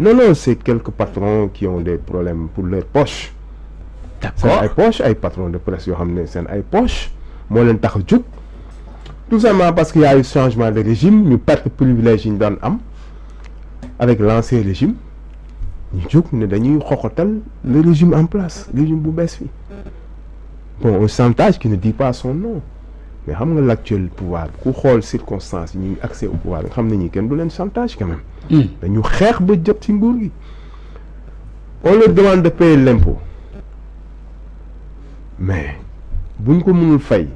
Non, non, c'est quelques patrons qui ont des problèmes pour leurs poches. D'accord. les poche les patrons de presse ils ont des poche Moi tout simplement parce qu'il y a eu changement de régime perdons le privilège d'un homme avec l'ancien régime Nous avons le régime en place régime bu bon un chantage qui ne dit pas son nom mais xam nga l'actuel pouvoir ku xool circonstance ni accès au pouvoir xam nañu kenn du leen chantage quand même. Hmm. dañu xeex ba jot ci nguur gi. on leur demande de payer l'impôt mais buñ ko mënul fay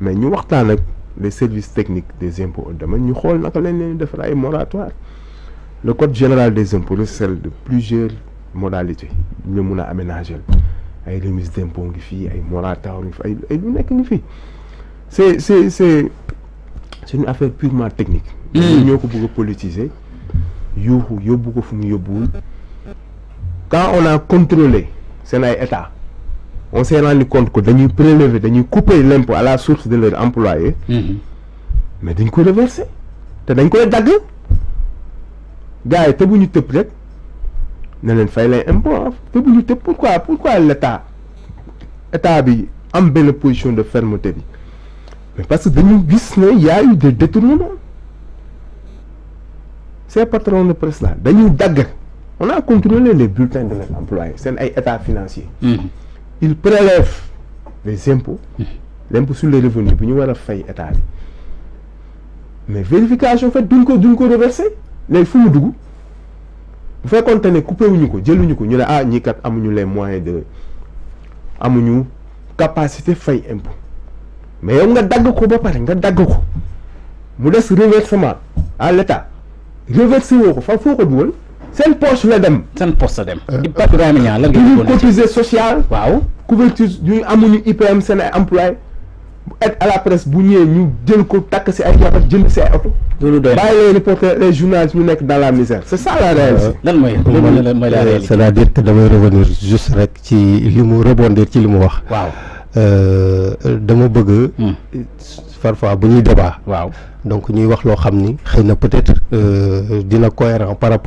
mais ñu waxtaan les services techniques des impôts au domaine ñu xool naka lañ leen ay moratoire le code général des impôts recèle de plusieurs modalités ñu mun a aménager ay remises d'impôts ngi fii ay moratoire ngi fi ay lu nekk ngi c'est c'est c'est c'est une affaire purement technique hmm. ñoo ko bëgg a politiser yuuxu yóbbu ko fu mu quand on a contrôlé c'est état on s'est rendu compte que dañuy prélever dañuy couper l'impôt à la source de leur employé hmm. mais dañ ko reversé. te dañ koy Les gars ils te bu ñu tëb rek na fay ah, pourquoi pourquoi l'état état bi am belle position de fermeté mais parce que dañu gis ne y a eu des détournements ces patrons de presse là dañuy dagg on a contrôlé les bulletins de l'employé. employés un état financier mm-hmm. il prélève les impôts mm-hmm. les impôts sur les revenus pour nous faire a fay état mais vérification fait duñ ko duñ ko reversé Les fu mu dugg bu fekkoonte ne coupé wuñu ko jëluñu ko ñu ne ah ñii kat amuñu les moyens de amuñu capacité fay impôt mais yow nga dagg ko ba pare nga dagg ko mu dess reversement à l'état reversé woo ko fan foo ko dugal poche la dem. seen poche la dem. Euh, Pape Ibrahima Niang lan ngeen cotisé social. waaw couverture ñuy amuñu IPM seen ay employé aide à la presse bu ñëw ñu jël ko tak ci ay jabar jënd si ay auto loolu doy na les reporters les journalistes ñu nekk dans la misère c'est ça la réalité. Euh, lan moy lan mooy la euh, réalité. c' à dire que damay revenir juste rek ci limu rebondir ci limu wax. waaw. Euh, dama bëgg. Hmm. parfois bu ñuy débat. waaw donc ñuy wax loo xam ni xëy na peut-être euh, dina cohérent par rapport.